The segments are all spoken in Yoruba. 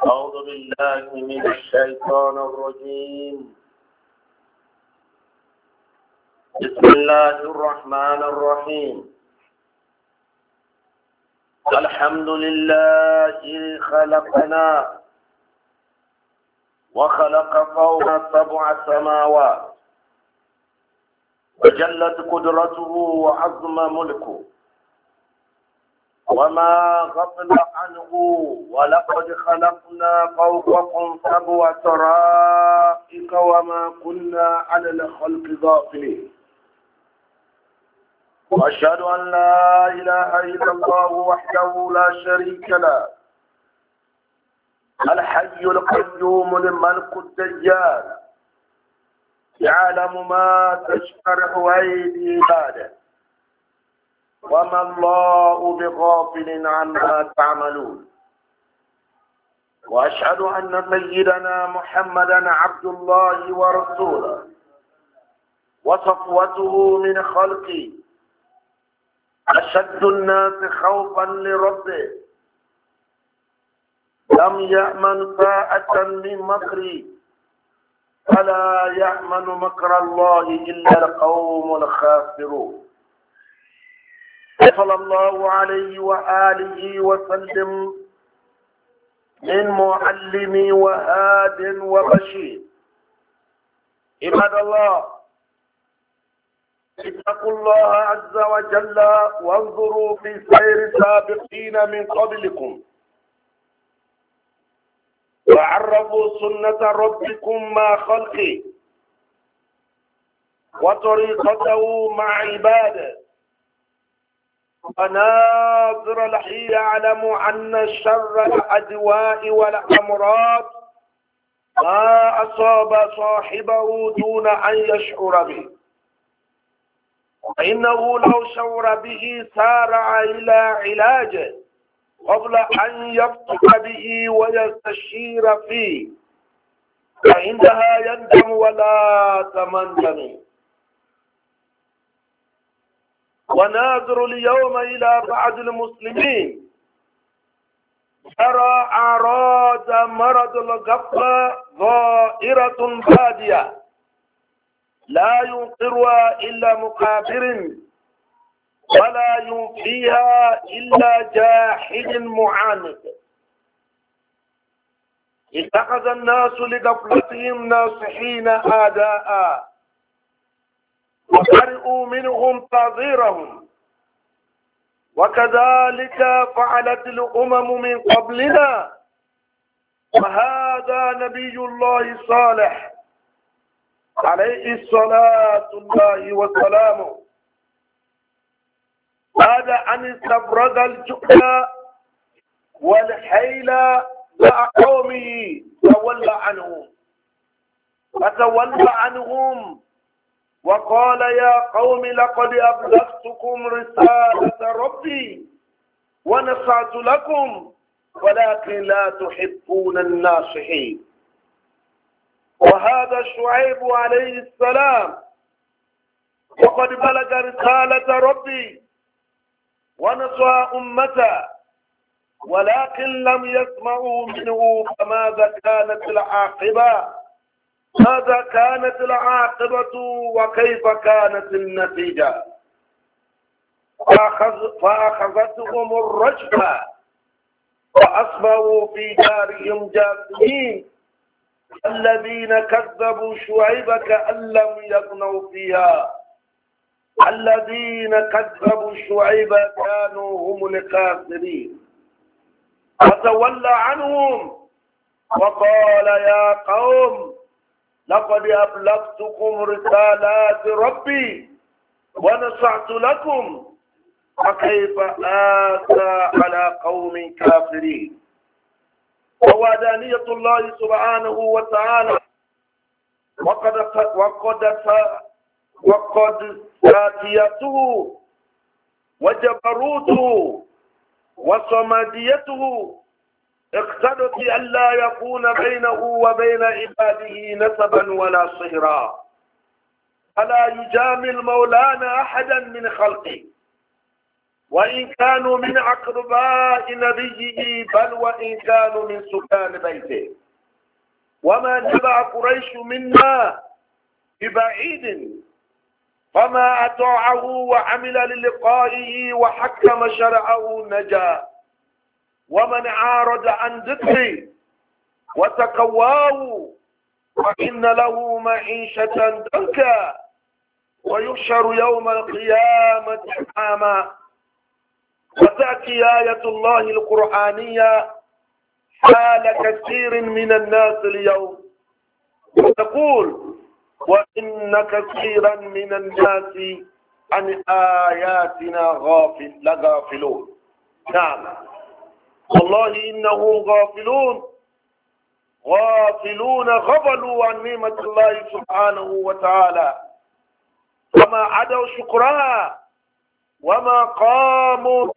أعوذ بالله من الشيطان الرجيم بسم الله الرحمن الرحيم الحمد لله خلقنا وخلق فوق سبع سماوات وجلت قدرته وعظم ملكه وما غفل عنه ولقد خلقنا فوقكم سبع ترائك وما كنا على الخلق غافلين وأشهد أن لا إله إلا الله وحده لا شريك له الحي القيوم الملك الدجال يعلم ما تشترح أيدي عباده وما الله بغافل عما تعملون وأشهد أن سيدنا محمدا عبد الله ورسوله وصفوته من خلقه أشد الناس خوفا لربه لم يأمن ساعة من مكري فلا يأمن مكر الله إلا القوم الخاسرون صلى الله عليه وآله وسلم من معلم وهاد وبشير عباد الله اتقوا الله عز وجل وانظروا في سير سابقين من قبلكم وعرفوا سنة ربكم مع خلقه وطريقته مع عباده وناظر الحي يعلم أن شر الأدواء والأمراض ما أصاب صاحبه دون أن يشعر به وإنه لو شعر به سارع إلى علاجه قبل أن يفتح به ويستشير فيه فعندها يندم ولا تمنتم وناظر اليوم إلى بعض المسلمين ارى أعراض مرض الغفلة ظاهرة بادية لا ينقرها إلا مقابر ولا ينفيها إلا جاحد معاند اتخذ الناس لغفلتهم ناصحين آداءً وقرئوا منهم تعذيرهم وكذلك فعلت الأمم من قبلنا وهذا نبي الله صالح عليه الصلاة الله وسلامه هذا أن استفرد الجهل والحيل مع قومه تولى عنهم فتولى عنهم وقال يا قوم لقد أبلغتكم رسالة ربي ونصعت لكم ولكن لا تحبون الناصحين وهذا شعيب عليه السلام وقد بلغ رسالة ربي ونصى أمته ولكن لم يسمعوا منه فماذا كانت العاقبة ماذا كانت العاقبة وكيف كانت النتيجة فأخذتهم الرجفة وأصبحوا في دارهم جاثمين الذين كذبوا شعيب كأن لم يغنوا فيها الذين كذبوا شعيب كانوا هم الكافرين فتولى عنهم وقال يا قوم لقد أبلغتكم رسالات ربي ونصحت لكم فكيف آتى على قوم كافرين ووعدانية الله سبحانه وتعالى وقد وقد وقد ساتيته وجبروته وصمديته اقتدت ألا يكون بينه وبين عباده نسبا ولا صهرا فلا يجامل مولانا أحدا من خلقه وإن كانوا من أقرباء نبيه بل وإن كانوا من سكان بيته وما تبع قريش منا ببعيد فما أطاعه وعمل للقائه وحكم شرعه نجا ومن عارض عن ذكري وتقواه فإن له معيشة ضنكا ويحشر يوم القيامة حاما وتأتي آية الله القرآنية حال كثير من الناس اليوم وتقول وإن كثيرا من الناس عن آياتنا غافل لغافلون نعم والله إنهم غافلون غافلون غفلوا عن نعمة الله سبحانه وتعالى وما عدوا شكرها وما قاموا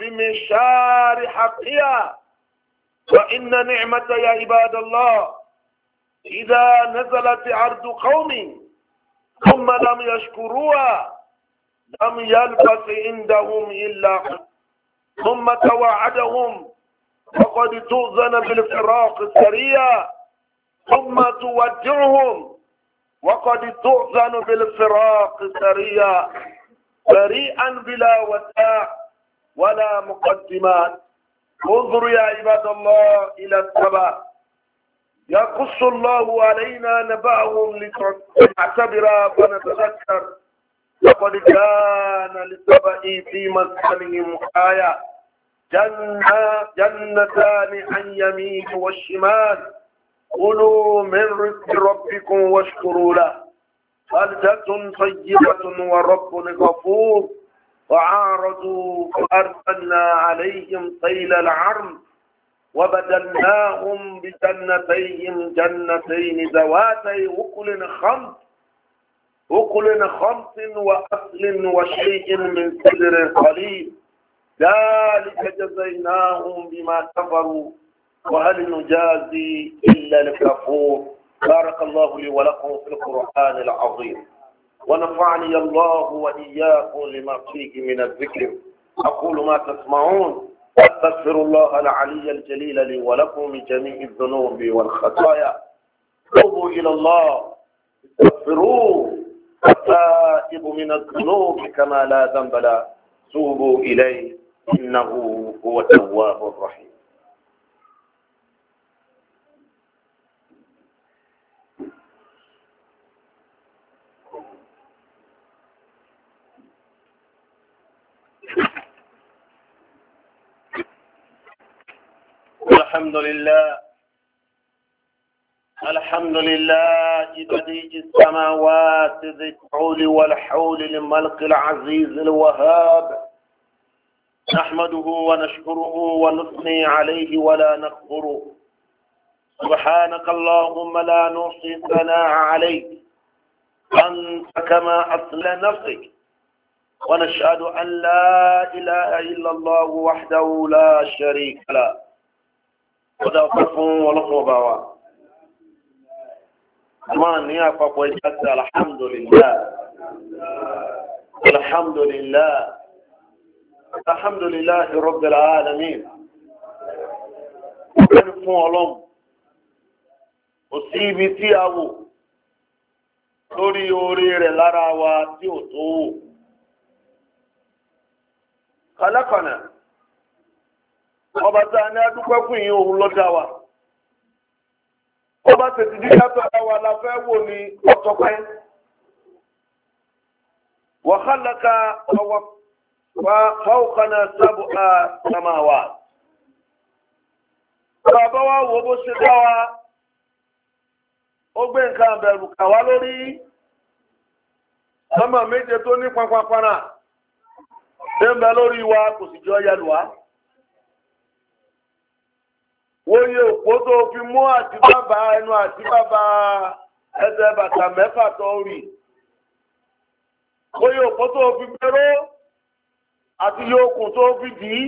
بمشار حقها فإن نعمة يا عباد الله إذا نزلت عرض قوم ثم لم يشكروها لم يلبث عندهم إلا قليلا ثم توعدهم وقد تؤذن بالفراق السريع ثم تودعهم وقد تؤذن بالفراق السريع بريئا بلا وداع ولا مقدمات انظروا يا عباد الله إلى السبع يقص الله علينا نبأهم لتعتبر فنتذكر لقد كان لسبئ في مسكنهم آية جنة جنتان عن يمين والشمال كلوا من رزق ربكم واشكروا له بلدة طيبة ورب غفور وعارضوا فأرسلنا عليهم طيل العرم وبدلناهم بجنتيهم جنتين ذواتي وكل خمس أكل خمس وأصل وشيء من سدر قليل ذلك جزيناهم بما كفروا وهل نجازي إلا الكفور بارك الله لي ولكم في القرآن العظيم ونفعني الله وإياكم لما فيه من الذكر أقول ما تسمعون أستغفر الله العلي الجليل لي ولكم من جميع الذنوب والخطايا توبوا إلى الله استغفروه التائب من الذنوب كما لا ذنب له توبوا إليه إنه هو التواب الرحيم الحمد لله الحمد لله بديع السماوات ذي الطول والحول للملك العزيز الوهاب نحمده ونشكره ونثني عليه ولا نكفره سبحانك اللهم لا نحصي ثناء عليك أنت كما أصل نفسك ونشهد أن لا إله إلا الله وحده لا شريك له وذا قف ولقب máa ní àpapọ̀ ẹja sí alhamdulillah alhamdulillah alhamdulillah rabbil alamin ó bẹ́ẹ̀ fún ọlọ́run kò sí ibi tí a wò lórí orí rẹ̀ lára wa tí ò tó wò kálákọ̀nà ọba tá a ní adúpẹ́ fún yìí wa ó bá tètè jí ká tọ́ra wa la fẹ́ wò ní ọ̀tọ́pẹ́ wàhálàkà ọwọ́ fáwọkànnà sábò á wa. bàbá wa wo bó ṣe dá wa ó gbé nǹkan àbẹ̀rù kà wá lórí sọ́mà méje tó ní pampapara ṣé ń bẹ lórí wa kò sì jọ yẹlù wá. wọ́n yẹ òpó fi mú ati ẹnu àti bàbá bàtà mẹ́fà tó rì wọ́n yẹ òpó tó àti yẹ okùn tó fi dì í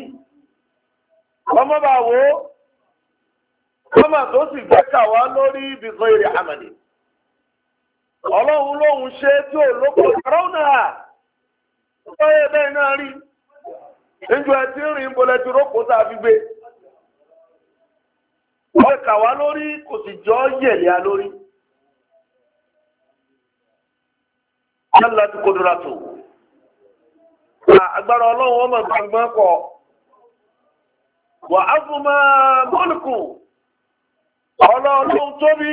ọmọ bá wò ó tó sì gbé kàwá lórí ibìkan èrè àmàlè ọlọ́run lóhun ṣe tí ò lóko ó yẹ bẹ́ẹ̀ náà rí níjọ ọkà wá lórí kò sì jọ yẹ̀lẹ̀ a lórí yálàtí kòdúrà tó agbára ọlọ́run ọmọ gbàgbọ́n kọ wà á fún máa mọ́lùkù ọlọ́run tóbi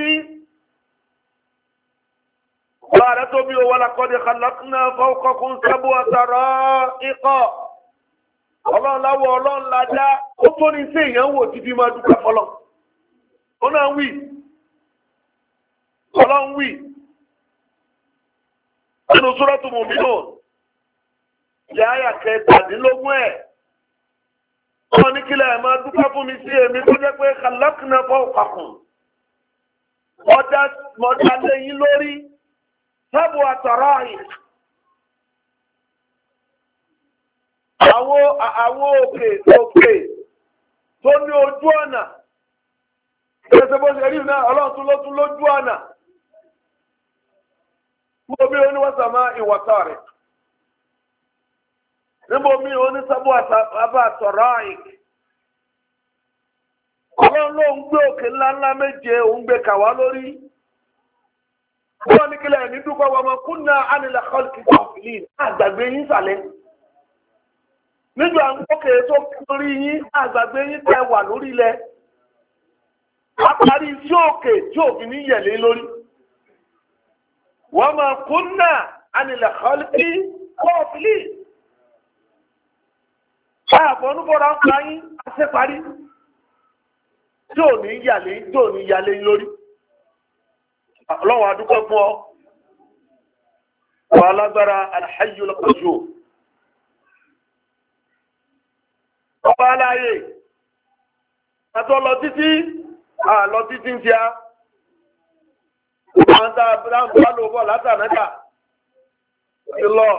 wà rẹ̀ tóbi owó alákọ́dé kàlákùnà fọ́kọ́kún sábò àtàrà ikọ̀ ọlọ́run láwọ̀ ọlọ́run ládá ó tó ní sí èèyàn títí máa dúpẹ́ fọlọ́run ó náà wí ọlọ́run wí nínú sọ́rọ́tù mòmínú ìyá àyà kẹtàdínlógún ẹ̀ wọ́n ní kílẹ̀ ẹ̀ máa dúpẹ́ fún mi sí èmi tó jẹ́ pé kàlákùnà fọ́ òkàkùn mọ̀dá lẹ́yìn lórí sábò àtọ̀rọ̀ àyè. Àwọn òkè tó ní ojú ọ̀nà ẹsẹ̀ bó ṣe rí náà ọlọ́run tún lọ́tún lójú àná níbo mi òní wọ́n sàmá ìwọ̀tá rẹ̀ níbo mi òní sábò àbá àtọ̀rọ̀ àyè ọlọ́run ló ń gbé òkè ńláńlá méje òun gbé kàwá lórí wọ́n ní kílẹ̀ ní dúpẹ́ wọn mọ kúnná ánilẹ̀ kọ́lìkì tó kí lórí yín àgbàgbé yín tẹ wà lórí ilẹ̀ àparí tí òkè tí òfin ní yẹ̀lé lórí wọ́n máa kún náà anilẹ̀ kọ́lùkì kọ́ọ̀fìlì káàbọ̀ onúbọ̀rọ̀ ń pa yín aṣẹ́parí tí ò ní yàlé tí ò ní yàlé lórí ọlọ́wọ́ adúpẹ́ fún ọ wà lágbára alhayu lọ́kọ̀ọ́jọ́ ọba aláyè àtọ́lọ títí. àlọ títí ń ti á àwọn tá a bá lò bọ̀ látànákà ti lọ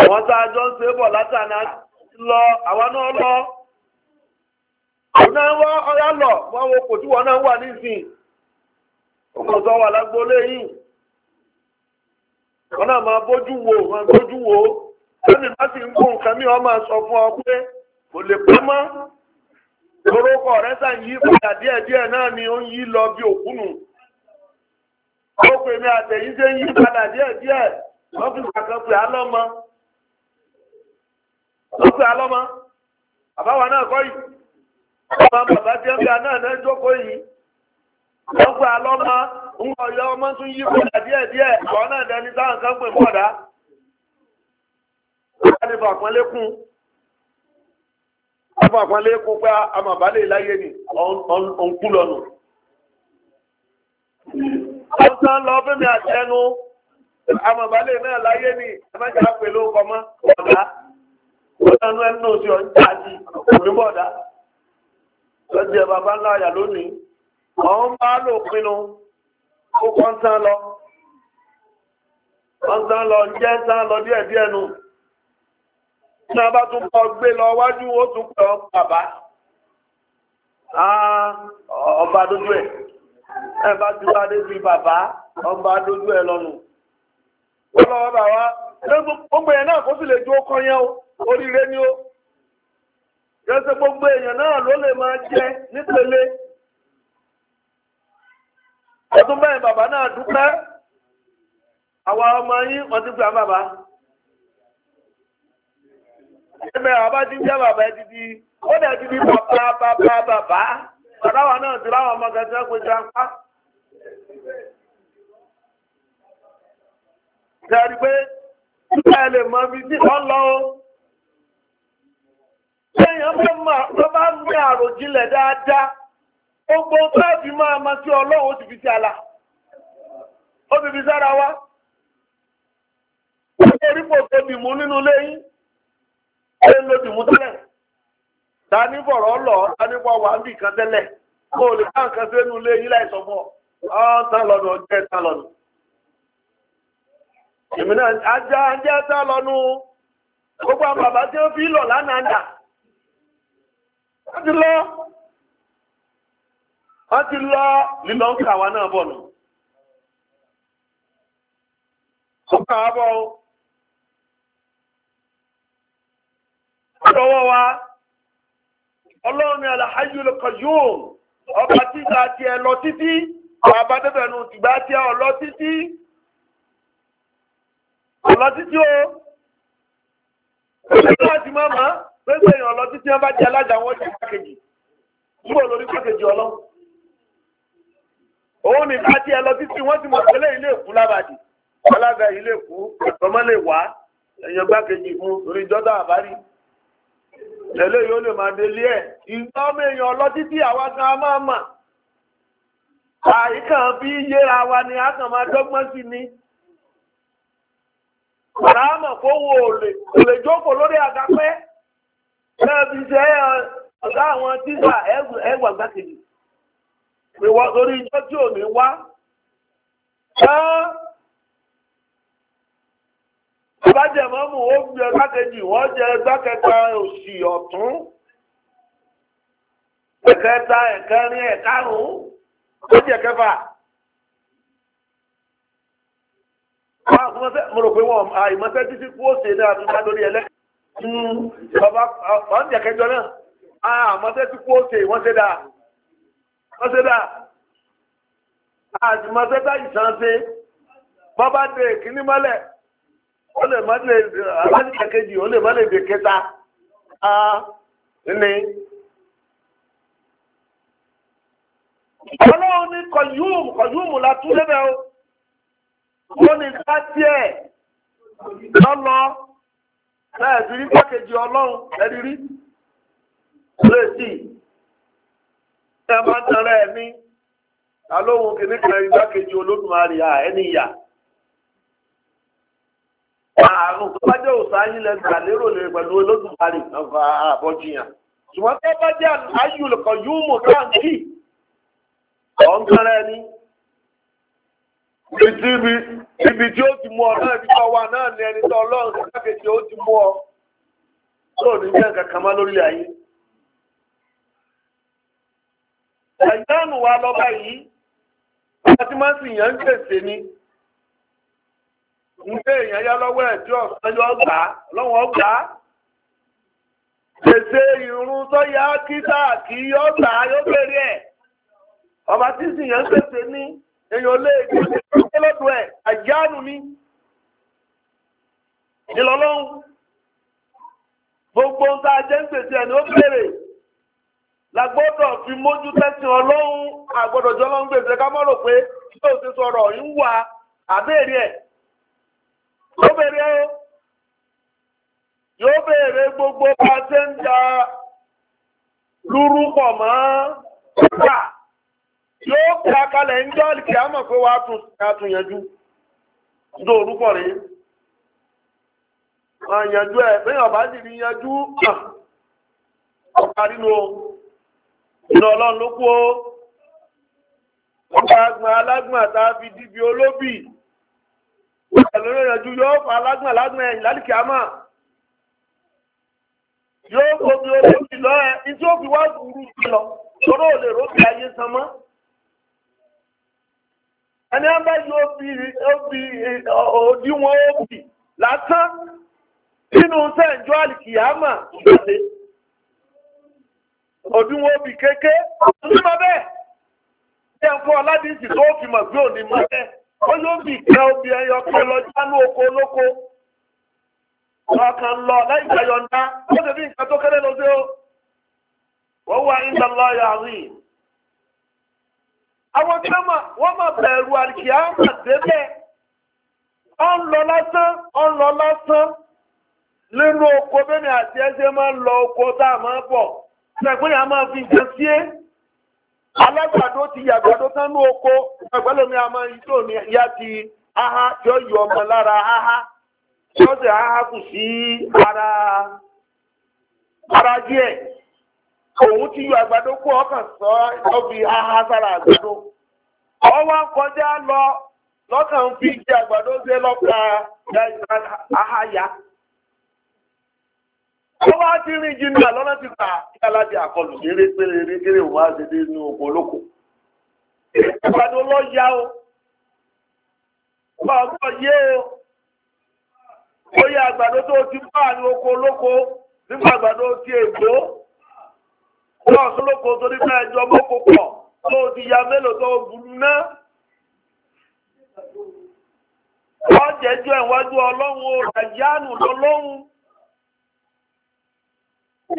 àwọn tá a jọ ń ṣe bọ̀ látànákà lọ àwa náà lọ ọ̀nà wọ́n ọ̀yá lọ wọ́n wo kò tí wọ́n náà wà nísìn ọmọ tó wà lágbólé yìí wọ́n náà máa bójú wo máa bójú wo lónìí láti ń kó nǹkan ní ọmọ sọ fún ọ pé kò lè pẹ́ mọ́. orúkọ rẹ̀ sàn yí padà díẹ̀díẹ̀ náà ni ó ń yí lọ bí òkúnù ó pè mí àtẹ̀yìn ṣe ń yí padà díẹ̀díẹ̀ wọ́n fi kàkan pè á lọ́mọ wọ́n pè á náà kọ́ yìí ọmọ bàbá tí ń náà jókòó afọ̀pọ̀lẹ́ kó pé amàbálẹ̀ láyé ni ọ̀nkú lọ́nu. ọ̀sán lọ fẹ́mi àtẹnu amàbálẹ̀ náà láyé ni ẹ̀mẹ́ta pẹ̀lú ọkọ̀mọ́ ọ̀dá ọ̀sánú ẹnu sí ọjà àti òmíbọ̀dá. lọ́jọ́ bàbá ńlá àyà lónìí ọ̀hún bá lò pinnu kó kọ́ńtán lọ. ọ̀sán lọ jẹ́ sán lọ díẹ̀díẹ̀ nu tí a bá tún kọ gbé lọ wájú ó tún pẹ̀ ọ bàbá ọba dójú ẹ̀ ẹ bá ti bá débi bàbá ọba dójú ẹ̀ lọ́nu ọlọ́wọ́ bàbá gbogbo èèyàn náà kó sì lè ju ọkọ yẹn o oríire ni o yẹsẹ gbogbo èèyàn náà ló lè máa jẹ nípele ọdún bẹ́ẹ̀ bàbá náà dúpẹ́ àwa ọmọ yín wọ́n ti gbà bàbá. ẹgbẹ́ ọba bàbá ẹ ti ó dẹ̀ bàbá bàbá bàbá náà ti láwọn ọmọ kan tí wọ́n Ìjọba pé nígbà ẹ lè mọ lọ o. Lẹ́yìn ọmọ ọmọ tó bá ń gbé àròjinlẹ̀ dáadáa, gbogbo tó máa ma sí ti fi àlà. nínú ṣé ló ti mú tẹ́lẹ̀ ta ní bọ̀rọ̀ lọ ta ní bọ̀ wà níbi kan tẹ́lẹ̀ kó o lè bá nǹkan sẹ́nu ilé yín láì fún ọ ọ́n tán lọ́nu ọjọ́ ẹ̀ tán lọ́nu. èmi náà ajá ajá tán lọ́nu gbogbo àwọn bàbá tí ó fi lọ lánàá wọ́n ti lọ wọ́n ti lọ lílọ lọ́wọ́ wa ọlọ́run Al-Hayyul Qayyum ọba títa ti ẹ lọ títí bàbá débẹ̀nu tìgbà tí ẹ lọ títí ọlọ títí o ọlọ́títí láti máa máa pẹ́sẹ̀ èèyàn ọlọ títí wọn bá jẹ alájà wọn jẹ pàkejì níbo lórí pàkejì ọlọ́run òun ní bá tí ẹ lọ títí wọ́n ti mọ̀ pẹ́lẹ́ ilé èkú lábàdì alága ilé èkú ọmọ lè wá ẹ̀yàn gbákejì fún orí jọ́dá àbárí lẹ́lẹ́ yóò lè máa délé ẹ̀ ìgbà ọmọ èèyàn ọlọ́tí tí àwa kan a máa mà àìkàn bí yéra wa ni a kàn máa dọ́gbọ́n sí ni àmọ̀ kó wo òlè jókòó lórí àgápẹ́ náà fi ṣe ọ̀gá àwọn tíṣà ẹgbà gbákejì pé wọ́n torí ijọ́ tí ò ní wá. alájẹmọ́mù ó gbé ẹgbákejì wọ́n jẹ ẹgbákẹta òsì ọ̀tún ẹ̀kẹta ẹ̀kẹrin ẹ̀karùn-ún ó jẹ kẹfà. mo rò pé wọn àìmọ́sẹ́ títí kú ó ṣe dáa tuntun lórí ẹlẹ́kẹ̀ẹ́ hmm, bàbá ọ̀n jẹ kẹjọ náà àmọ́sẹ́ títí kú ó ṣe wọ́n ṣe dáa wọ́n ṣe dáa àìmọ́sẹ́ tá ìsàn ṣe bàbá dé kíní mọ́lẹ̀ ó lè má lè alájìká kejì ó lè má lè dè kẹta á ní. ọlọ́run ní kọ̀yúùmù kọ̀yúùmù la tún lébẹ̀ o ó ní ká tiẹ̀ lọ́lọ́ láì sí rí pákejì ọlọ́run ẹ̀rí rí lè sí ẹ alóhun kìnnìkan igbákejì olódùmarè ẹni ìyà. àrùn tó bá jẹ́ òsà yín lẹ́nu lè pẹ̀lú olódùmarè ọgbà àbọ̀jìyàn ṣùgbọ́n tó bá jẹ́ ayùlùkọ̀ yúùmù káàkiri ọ̀nkẹ́rẹ́ ni ibi tí ó ti mú ọ naa ibi tó wà náà ni ẹni tó ọlọ́run kákejì ó ti mú ọ ti Nde èèyàn yá lọ́wọ́ ẹ̀ tí ọgbà yọ gbà á lọ́wọ́ gbà Pèsè irun tó yá yọ gbà bèrè ẹ̀. Ọba tí sì yẹn pèsè ní èèyàn lé e lọ́dọ̀ ẹ̀ àjánu ni. Ìlọ́lọ́hún. Gbogbo ń tá a jẹ́ ń pèsè ẹ̀ ni ó bèrè fi mójú àgbọ̀dọ̀jọ́ ká mọ́ rò pé ti sọ̀rọ̀ wà àbẹ́rẹ́ ẹ̀ yóò bèèrè gbogbo bá ń lúrú pọ̀ mọ́ gbà yóò pè akalẹ̀ ń jọ́ kí a mọ̀ pé tún àtúnyẹjú ǹdó orúkọ rẹ̀ máa ẹ̀ pé ọ̀bá sì rí ọ̀pá nínú ìnà olórí ìrìnàjò fa lọ lọ ẹni á yóò fi òdiwọ̀n òbí lásán nínú sẹ́ǹjọ́ àlìkí àmà ìgbàlè òbí kéké ọ̀tún ní bẹ́ẹ̀ ṣé ń tó fi mọ̀ òní bẹ́ẹ̀. olóbì kẹ obì ẹyọ pé lọ jánú oko olóko ọkàn lọ láì gbàyọ̀ ńdá ó ṣe bí nǹkan tó kéré lọ sí o wọ́n wá ìgbà lọ́yà rí àwọn tí wọ́n máa bẹ̀rù àríkìá máa débẹ̀ ọ ń lọ lásán ọ ń lọ lásán nínú oko bẹ́ẹ̀ ni àti ẹsẹ̀ máa ń lọ oko tá a máa bọ̀ ṣẹ̀gbọ́n yà máa fi nǹkan sí é. alágbàdo ti yàgbàdo tán ní oko ẹgbẹ́lómi àmọ́ ìjọ ni ya ti aha yọ yi yọ ọmọ lára aha tí ó aha kù sí ara ara díẹ̀ òun ti yọ àgbàdo ọ ọkàn sọ ọ fi aha sára àgbàdo ọwọ́ kọjá lọ lọ́kàn fi jẹ àgbàdo ṣe aha ya. ọba ti rìn jìnnà lọ́nà ti ta kíkàlájì àkọlù eré péré eré kéré òun á ṣe inú olóko o ọba ọgbọ́ yé o ó yẹ àgbàdo tó ti bá ní oko olóko nígbà àgbàdo ti ègbó ọlọ́ ọ̀sọ́lọ́kọ tó nípa ẹjọ́ mọ́kò pọ̀ tó ti ya mélòó tó wọ́n jẹ́jọ́ ìwájú ọlọ́run lọ́lọ́run.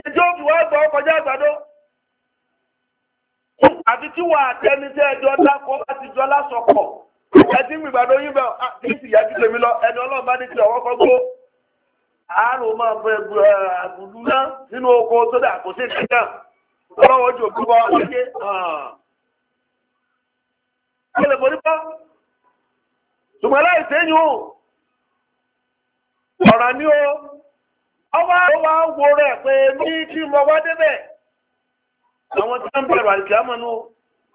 ẹjọ́ òbí wá gbọ́ kọjá àgbàdo àti tí wà àtẹni tẹ ẹjọ́ dákọ láti jọ lásọpọ̀ ẹtí ń gbìgbàdo yín bẹ kí ah, sì yájú tèmi lọ ẹni ọlọ́run bá ní ti ọwọ́ kan gbó àárò máa fẹ́ àbùdú náà nínú oko sódà kò sí ìpínlẹ̀ ọlọ́wọ́ ojú òbí wọ́n ṣe ó ah. lè borí bá ṣùgbọ́n láì sẹ́yìn o ọ̀ràn ni o. ọwọ́ àwọn wo rẹ̀ pé ní tí mo wá débẹ̀ àwọn tí wọ́n bẹ̀rù àìsí àmọ́nú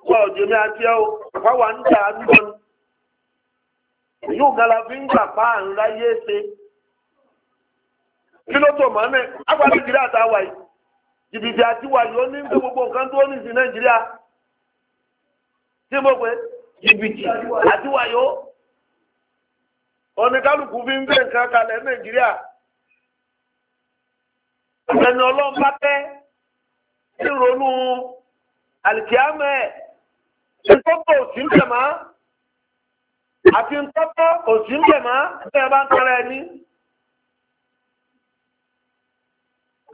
wọ́n òjò mi àti ẹ́ o àpá wà ń ta àdúgbò ni yóò gara fi ń gbà pa àrùn kí ló tó àgbà nàìjíríà wà gbogbo nǹkan tó ní nàìjíríà tí mo àti wà yìí ó ẹni ọlọ́run bá fẹ́ ìrònú àlìkíámẹ́ ntọ́tọ̀ òsì ń tẹ̀má àti ntọ́tọ̀ òsì ń tẹ̀má ẹni ẹ bá ń tọrọ ẹni.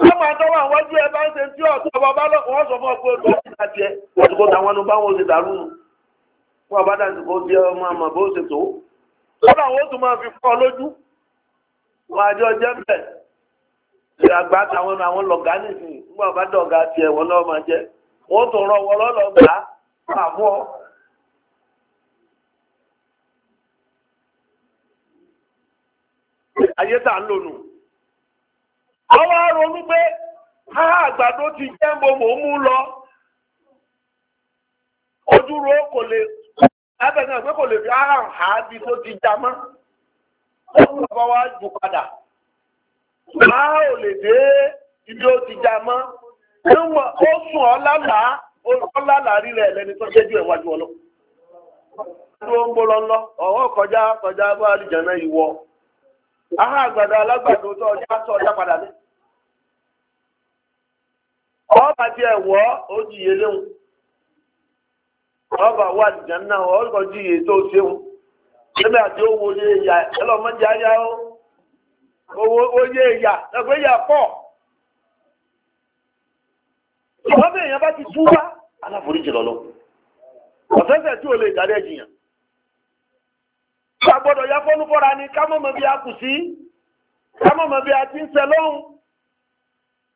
Lọ́mọ àtọ́wọ́ àwọn ojú ń ṣe tí ọ̀tún ọba bá lọ́kùn wọ́n sọ fún ọ pé olùkọ́ ti ta tiẹ̀. Wọ́n ti kó tàwọn ẹnu dàrú Fún ọba dàtí kó di ọmọ àmọ̀ bó ṣe tó. Lọ́dọ̀ àwọn oṣù máa fi fọ́ ọ lójú. Wọ́n àjọ jẹ́ bẹ́ẹ̀. àgbà táwọn náà àwọn lọ̀gá nìsín nígbà bá dọ̀gá ti wọn náà máa jẹ́ wọ́n tó rọ lọ́lọ́gbà ayé tà ń ronú pé àgbàdo ti jẹ́ mo mò lọ. ojúro kò lè pé kò lè fi ti já mọ́. ó máa ò lè dé ibi ó ti já mọ́ níwọ̀n ó sùn ọ́ lálàá ó lálàá rí lẹ́ni tó jẹ́jú ẹ̀wájú ọlọ́ tó ń bó lọ́lọ́ ọ̀wọ́ kọjá kọjá bá ìwọ aha àgbàdo alágbàdo tó ọjà tó ọjà padà ní. ọba ti ẹ̀wọ́ ó jìyẹ léwu ọba wà àlìjànà ọ̀ọ́kọ̀ tó àti owó ilé ìyá oye ìyà ẹgbẹ́ ìyà pọ̀ ìwọ́n èèyàn bá ti túbá aláforíjì lọ́lọ́ ọ̀fẹ́fẹ́ tí ò lè jìyàn ká gbọ́dọ̀ ya fọ́nú fọ́ra ni ká bí a kù sí ká bí a ti ń sẹ lọ́rùn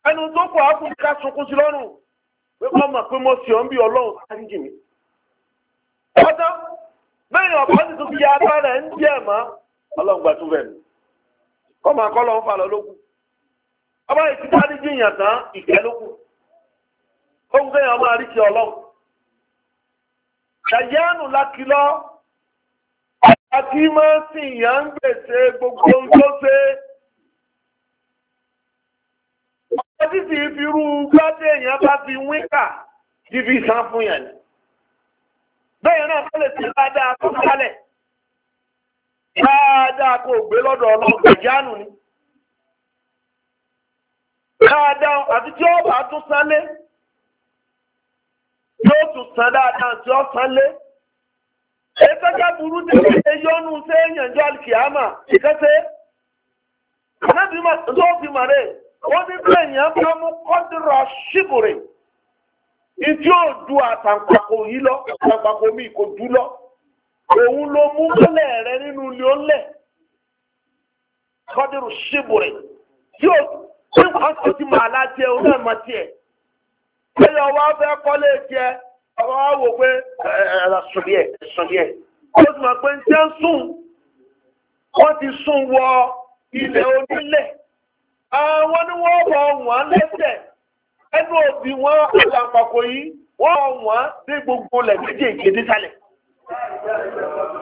ẹnu tó kọ̀ á kù ká sunkún sí lọ́rùn pé kọ́ mọ̀ pé mo sì bí ọlọ́run mí ọjọ́ bẹ́ẹ̀ ya abá rẹ̀ ń jẹ́ mọ́ ọlọ́run gbàtúbẹ̀ mi. kọ́ máa kọ́ lọ ń fà lọ lókù ọba ìtìká ní jìyàn tán ìkẹ́ lókù ohun kéèyàn máa rí ti ọlọ́run ṣàyẹ́nù lákìlọ́ ọba tí máa ń sìn yàn ń gbèsè gbogbo ohun tó ṣe ọba tí sì fi rú gbádé èèyàn bá fi wíkà jí fi san fún yàn bẹ́ẹ̀ náà kọ́ lè dáadáa tó kálẹ̀ dáadáa kò gbé lọ́dọ̀ ọlọ́gbà jáànù ni dáadáa àti tí ó bá tún sánlé yóò tún sán dáadáa tí ó sánlé ẹgbẹ́gbẹ́ burú tí ó ṣe yọ́nú sí èèyàn jọ alìkìyàmà ìkẹ́sẹ́ tó fi màrè ó ní bí èèyàn bá mú kọ́dúrọ̀ ṣíbùrì ìdí òdu àtàǹpàkò yìí lọ àtàǹpàkò mi kò dú lọ. òun ló mú mọ́lẹ̀ rẹ nínú ilé ọlẹ̀ kọ́dírù ṣíbùrì tí ó tí wọ́n ti máa láti ẹ̀ oní ẹ̀mọ́ tiẹ̀ ẹ̀yọ̀ wa fẹ́ kọ́lé tiẹ̀ ọ̀rọ̀ wò pé ẹ̀rọ sùn yẹ sùn ó mọ̀ pé ń tẹ́ ń sùn wọ́n ti sùn wọ ilẹ̀ onílẹ̀ àwọn ni wọ́n wọ wọ́n lẹ́sẹ̀ ẹnu òbí wọn àlàpàkò yìí wọ́n wọ́n dé gbogbo lẹ̀ méjèèjì nísàlẹ̀.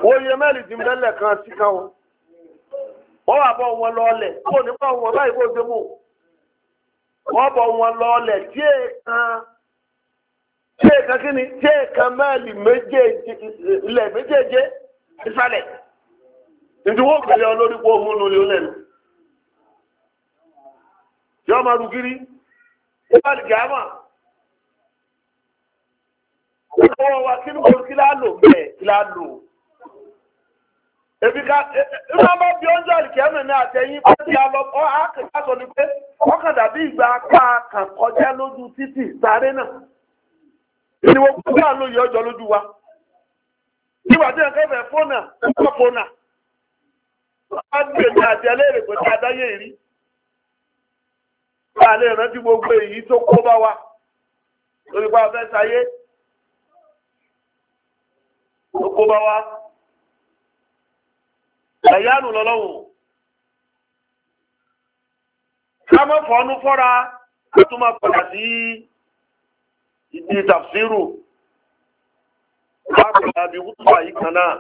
Oye mẹ́lì ti mẹ́lẹ̀ kan sí kan wọn. Wọ́n wà bọ̀ wọn lọ́ọ̀lẹ̀. Kò ní bọ̀ wọn báyìí kò débò. Wọ́n bọ̀ wọn lọ́ọ̀lẹ̀ tí èèkan tí èèkan kí ni tí èèkan mẹ́lì méjèèjì ilẹ̀ méjèèjì ìsàlẹ̀. Ìdíwọ́ gbèlè olórí pé òun nù ní olè nù. Yọ́ máa rú kiri. Ó bá lè gàá mọ̀. ọwọ́ wa kí ló kí lá lò bẹ́ẹ̀ kí lá lò. Èbí ká ìmọ̀ e, e, e, bá bí ọjọ́ ìkẹ́mì ní àtẹ̀yìn bá ti lọ ọ́ àkàtà sọ ni pé ọkàn dàbí ìgbà apá kan kọjá lójú títì sáré náà. wa. tí fẹ́ fónà, ẹ̀kọ́ fónà. Wọ́n adáyé rí. Wọ́n á lè rántí gbogbo èyí tó kó bá wa. Olùkọ́ afẹ́ ló kó bá wá ẹ̀yánu lọ́lọ́wọ́ ká mọ́ fọ́nú fọ́ra ká tún máa padà sí ìdí tàfsírù láàbùdá bí wútùbà yìí kan náà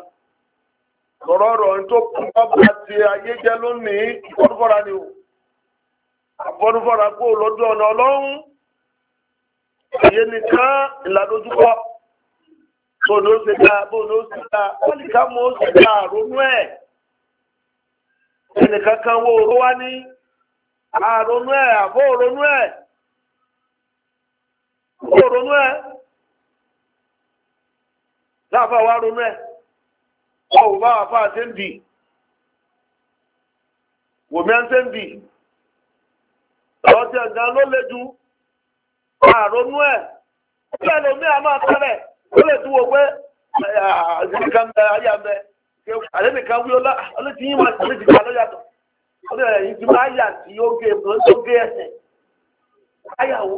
lọ́rọ̀ ọ̀rọ̀ tó kún bábà ti ayé jẹ́ lónìí ìfọ́núfọ́ra ni o àfọ́núfọ́ra kó lọ́dún ọ̀nà ọlọ́run ayé nìkan ìlàdójúkọ́. bóun ó ṣe dáa bóun ó ṣe dáa wọ́n ní ká mọ ó ṣe kan wo wá ní a ẹ̀ àbó òrònú ẹ̀ òrònú ẹ̀ láàfà wá ronú ẹ̀ ọ̀hún bá wàá fà ṣe ń bì wòmí à ń ló le ju wọ́n ti wò pé àgbẹ̀ká ń bẹ ayé abẹ àlẹ́bí ká wúlò lá ọlẹ́ ti yín wá ọlẹ́ ti ká lọ́yàtọ̀ ti máa yà tí ó gé ẹ̀sìn tó gé ẹ̀sìn ayàwó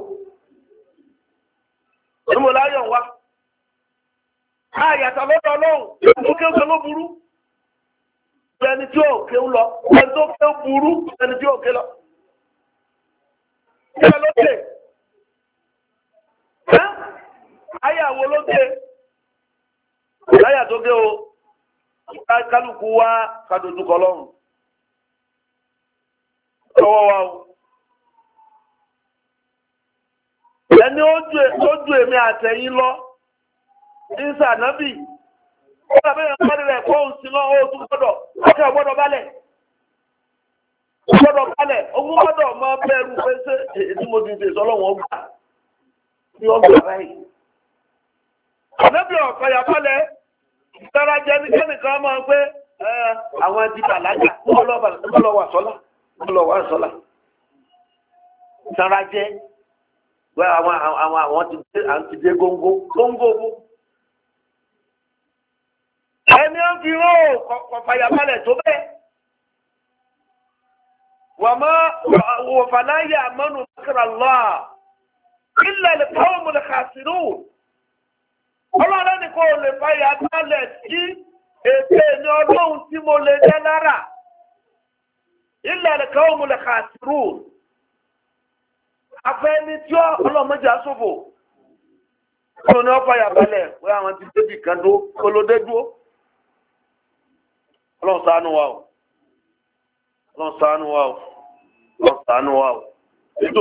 onímọ̀ láyọ̀ wá àyàtọ̀ lọ́dọ̀ ọlọ́run ìlú kéwù ló burú ẹni tí ó kéwù àyàwó ló dé tó gé o kálukú wá kàdójúkọ lọ́rùn lọ́wọ́ wa o. ẹni ó ju èmi àtẹ̀yìn lọ ìsà nábì ó dàbí ìrìn àpárí rẹ̀ kó òun náà tún gbọ́dọ̀ ọkẹ́ ọgbọ́dọ̀ balẹ̀ gbọ́dọ̀ balẹ̀ ogun gbọ́dọ̀ máa bẹ̀rù pé ṣé mo ti dè Ànábì ọ̀fàyàbálẹ̀ ìtara jẹ́ ní kẹ́nìkan máa ń pé àwọn ti bàlágà ọlọ́wà sọ́lá. Ọlọ́wà sọ́lá. Ìtara jẹ́ wẹ́ àwọn àwọn ti dé góńgó. Góńgó wo? Ẹni ó fi ró ọ̀fàyàbálẹ̀ tó bẹ́ẹ̀. Wàmọ́ wọ̀fàláyà mọ́nù kíra lọ́à. Ilẹ̀ lè pàwọ́ mọ́lẹ̀ kàṣírò. Ọlọ́run ni kò lè fàyà dálẹ̀ sí ètò ẹni ọlọ́run tí mo lè jẹ́ lára. Ilẹ̀ ẹ̀ka òmùlẹ̀ kàtìrù. Afẹ́ni tí ọlọ́mọdé aṣòfò. Ọlọ́run ni wọ́n fàyà balẹ̀ pé àwọn ti débì kan dó kólódé dúó. Ọlọ́run ṣàánú wa o. Ọlọ́run ṣàánú wa o. Ọlọ́run ṣàánú wa o. Ètò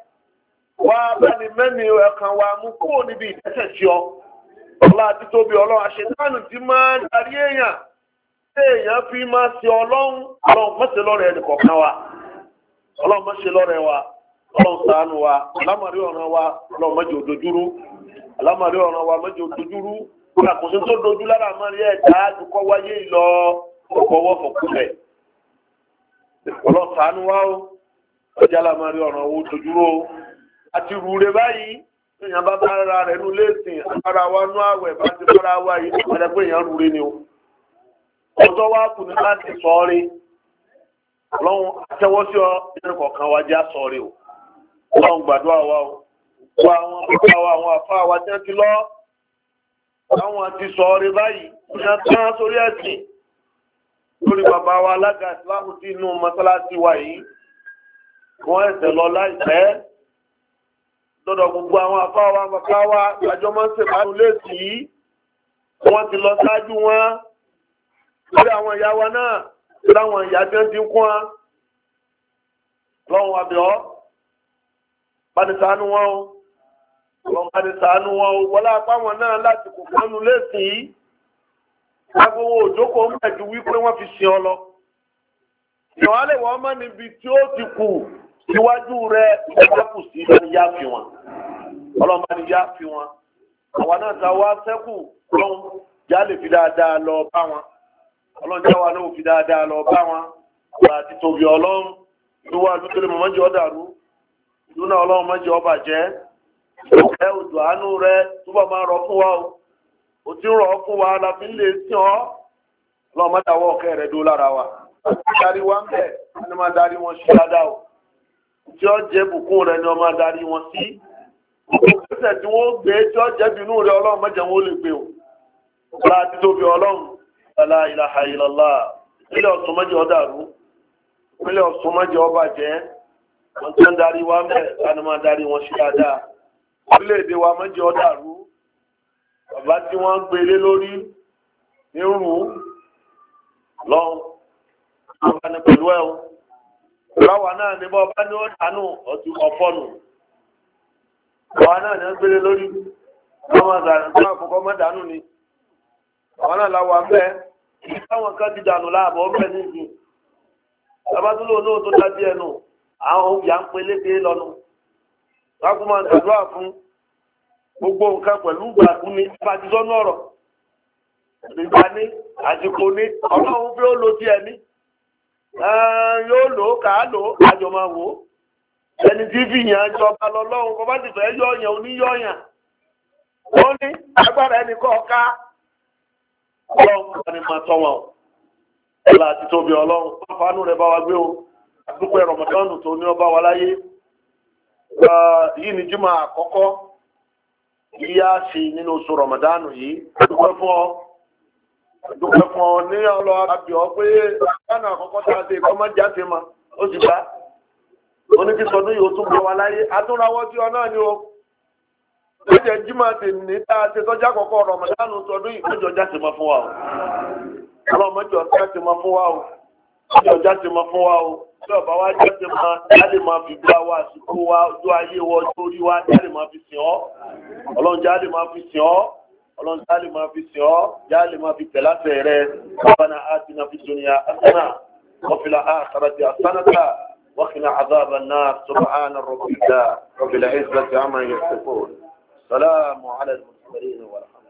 Wa bá ní mẹ́mi ẹ̀kan wa mú kúrò níbi ìdẹ́sẹ̀ sí ọ. ọlá àti tóbi ọlọ́run àṣetánù ti máa ń darí èèyàn tí èèyàn fi máa ṣe ọlọ́run ọlọ́run mọ́ṣẹ́ lọ́rẹ̀ ẹnìkọ̀ọ̀kan wa ọlọ́run mọ́ṣẹ́ wa ọlọ́run wa wa ọlọ́run òdojúrú ọ̀ràn wa òdojúrú tó dojú lára àmọ́rí ẹ̀dá àdúkọ́ wáyé fọ̀kúnlẹ̀ ọlọ́run wa ó ọjà ọ̀ràn àti rúre báyìí èèyàn bá bára rẹ̀ nú léèsìn agbára wa nú àwẹ̀ bá ti bára wa yìí àpẹẹrẹ pé èèyàn rúre ni o ọjọ́ wa kù ní láti sọ́ọ́rí ọlọ́run àtẹ́wọ́ sí ọ nínú kọ̀ọ̀kan wa jẹ́ àsọ̀rí o ọlọ́run gbàdúrà wa o wọ àwọn bàbá wa àwọn àfa wa tí wọ́n ti lọ àwọn àti sọ̀ọ́rí báyìí ìyá tán sórí ẹ̀sìn lórí bàbá wa alága ìsìláàmù tí inú mọ́sálásí wa yìí wọ́n ẹ̀sẹ̀ lọ láìpẹ́ lọ́dọ̀ gbogbo àwọn afáwa bàbáwa àjọ máa ń sèpánu léèsì yìí wọ́n ti lọ ṣáájú wọn lórí àwọn ìyá wa náà láwọn ìyá jẹ́ ti kún lọ́wọ́n àbíọ́ bánisánú wọn o lọ́wọ́n bánisánú wọn o wọlé apá náà láti kò kánú léèsì yìí agbowó òjókòó ń wípé wọ́n fi sin ọ lọ ìwọ́n lè wọ́n mọ́ níbi tí ó ti kù. iwájú rẹ ìjọba sí ìbánijá fi wọn ni bánijá fi wọn àwa náà ta wá sẹ́kù lọ́hún já lè fi dáadáa lọ bá wọn ọlọ́run já wa náà fi dáadáa lọ bá wọn ọ̀rọ̀ àti tòbí ọlọ́run ìlú wa ìlú tẹ́lẹ̀ mọ́mọ́ dàrú ọlọ́run àánú rẹ túbọ̀ máa rọ fún wa o ò ti rọ fún wa la fi ń lè ọlọ́run ọ̀kẹ́ tí ó jẹ́ bùkún rẹ̀ ni ọmọ adarí wọn sí ìgbésẹ̀ tí wọ́n gbé tí ó jẹ́ bínú rẹ̀ ọlọ́run mẹ́jẹ̀ wọn lè gbé o ọlá àti tóbi ọlọ́run ọlá ìlàhà ìlọ́lá ìpínlẹ̀ ọ̀sùn mẹ́jẹ̀ ọ dàrú ìpínlẹ̀ ọ̀sùn mẹ́jẹ̀ ọ bàjẹ́ wọn tí ń darí wa mẹ́ ẹni máa darí wọn sí dáadáa orílẹ̀-èdè wa mẹ́jẹ̀ ọ dàrú bàbá lọ́wà náà ní bọ́ bá ní ó dánú ọ̀tún ọ̀fọ́nù lọ́wà náà ní ó gbélé lórí ọmọ ìsàrẹ̀kọ́ àkọ́kọ́ mọ́ ni àwọn náà láwà bẹ́ẹ̀ kí kan ti dànù láàbọ̀ bẹ́ẹ̀ níbi labátúlò náà tó dájú ẹnu àwọn òbí à ń pe lọ́nu wákùn máa fún gbogbo nǹkan ni ọ̀rọ̀ ìgbà ní ní ọlọ́run ó lo yóò lò ó kà á lò ó àjọ máa wò ó ẹni tí fi yàn jọba lọ́lọ́run kò bá sì fẹ́ yọ̀yàn oníyọ̀yàn ó ní agbára ẹni kọ́ ká ni máa tọ́ wọn o àti tóbi ọba wa láyé yìí ni àkọ́kọ́ yíyá sí nínú oṣù ẹ̀kọ́ ní ọlọ àbí ọ pé ọ̀nà àkọ́kọ́ tá a ṣe ìkọ́ máa jáde ma ó sì bá oníkísọdún yóò tún bá wa láyé atúnrawọ́ sí ọ náà ni o lóye jimá ti ní tá a ṣe sọ́jà àkọ́kọ́ rọ̀mọ̀dánù sọdún ìkójọ jáde ma fún wa o ọlọ́mọjọ jáde ma fún wa o ọjọ́ jáde ma fún wa o tí ọba wa jáde ma jáde ma fi gbá wa àsìkò wa ojú ayé wa ojú orí wa jáde ma fi sìn ọ́ ọlọ́run jáde ma fi sìn ọ́. ọlọ́run tá lè máa fi sìn ọ́ yá lè máa fi tẹ̀ rẹ bábánà àti náà fi dunya àtànà wọ́fìlà àkàràtì àtànàtà وقنا عذاب النار سبحان ربك رب العزة عما يصفون سلام على المرسلين والحمد